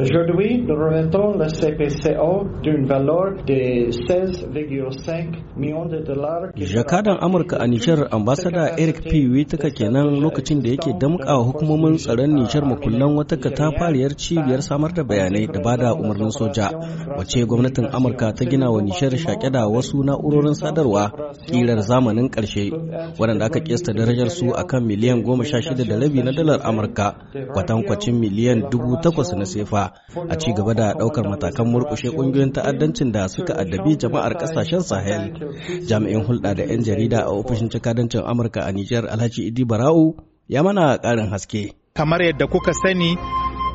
Aujourd'hui, nous remettons le CPCO d'une valeur de 16,5 millions de dollars. Jakadan Amurka a Nijar ambasada Eric P. Witaka kenan lokacin da yake damƙa hukumomin tsaron Nijar makullan wata katafariyar cibiyar samar da bayanai da bada umarnin soja wace gwamnatin Amurka ta gina wa Nijar shaƙe da wasu na'urorin sadarwa ƙirar zamanin ƙarshe waɗanda aka kesta darajar su akan miliyan goma sha shida da rabi na dalar Amurka kwatankwacin miliyan dubu takwas na sefa. a ci gaba da ɗaukar matakan murƙushe ƙungiyoyin ta'addancin da suka addabi jama'ar ƙasashen Sahel. Jami'in hulɗa da 'yan jarida a ofishin cikadancin Amurka a Nijar Alhaji Idi Barau ya mana ƙarin haske. Kamar yadda kuka sani,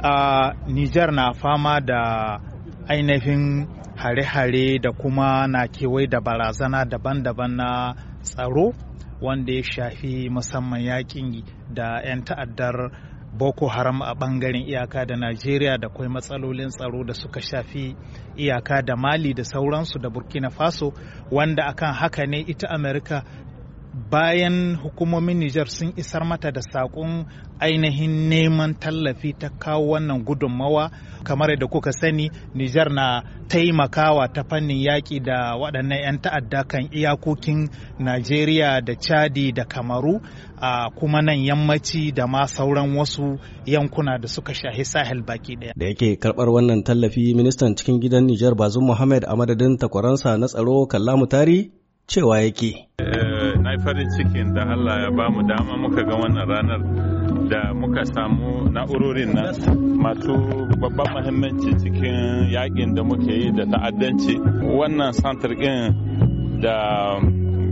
a Nijar na fama da ainihin hare-hare da kuma na kewaye da barazana daban-daban na tsaro wanda ya shafi musamman yakin da 'yan ta'addar boko haram a bangaren iyaka da najeriya da kwai matsalolin tsaro da suka shafi iyaka da mali da sauransu da burkina faso wanda akan haka ne ita amerika bayan hukumomin Nijar sun isar mata da saƙon ainihin neman tallafi ta kawo wannan gudunmawa kamar da kuka sani Nijar na taimakawa ta fannin yaƙi da waɗannan 'yan ta'adda kan iyakokin Najeriya da Chadi da Kamaru a kuma nan yammaci da ma sauran wasu yankuna da suka shahi sahel baki ɗaya. Da yake karɓar wannan tallafi ministan cikin gidan Nijar Bazum Muhammad a madadin takwaransa na tsaro Kallamu Tari cewa yake. Eh, yi farin cikin da Allah ya ba mu dama muka ga wannan ranar da muka samu na'urorin nan masu babban mahimmanci cikin yakin da muke yi da ta'addanci wannan santar ɗin da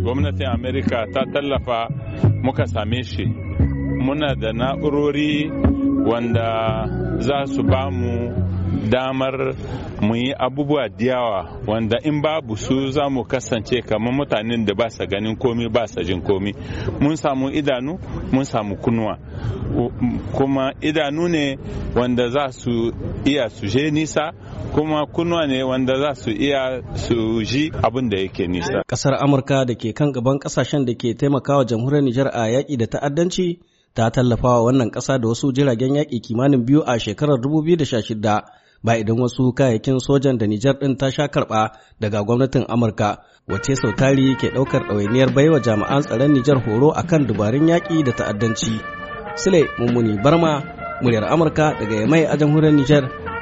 gwamnatin amerika ta tallafa muka same shi muna da na'urori wanda za su ba mu damar mu yi abubuwa diyawa wanda in babu su za mu kasance kamar mutanen da ba sa ganin komi ba sa jin komi mun samu idanu mun samu kunuwa kuma idanu ne wanda za su iya su je nisa kuma kunuwa ne wanda za su iya su ji abin da yake nisa kasar amurka da ke kan gaban kasashen da ke taimakawa jamhuriyar nijar a yaƙi da ta'addanci ta tallafa wa wannan ƙasa da wasu jiragen yaƙi kimanin biyu a shekarar 2016 ba idan wasu kayayyakin sojan da Nijar ɗin ta sha karɓa daga gwamnatin Amurka wace sau tari ke ɗaukar ɗawainiyar baiwa jami'an tsaron Nijar horo a kan dubarun yaƙi da ta'addanci. Sule Mummuni Barma, muryar Amurka daga Yamai a jamhuriyar Nijar.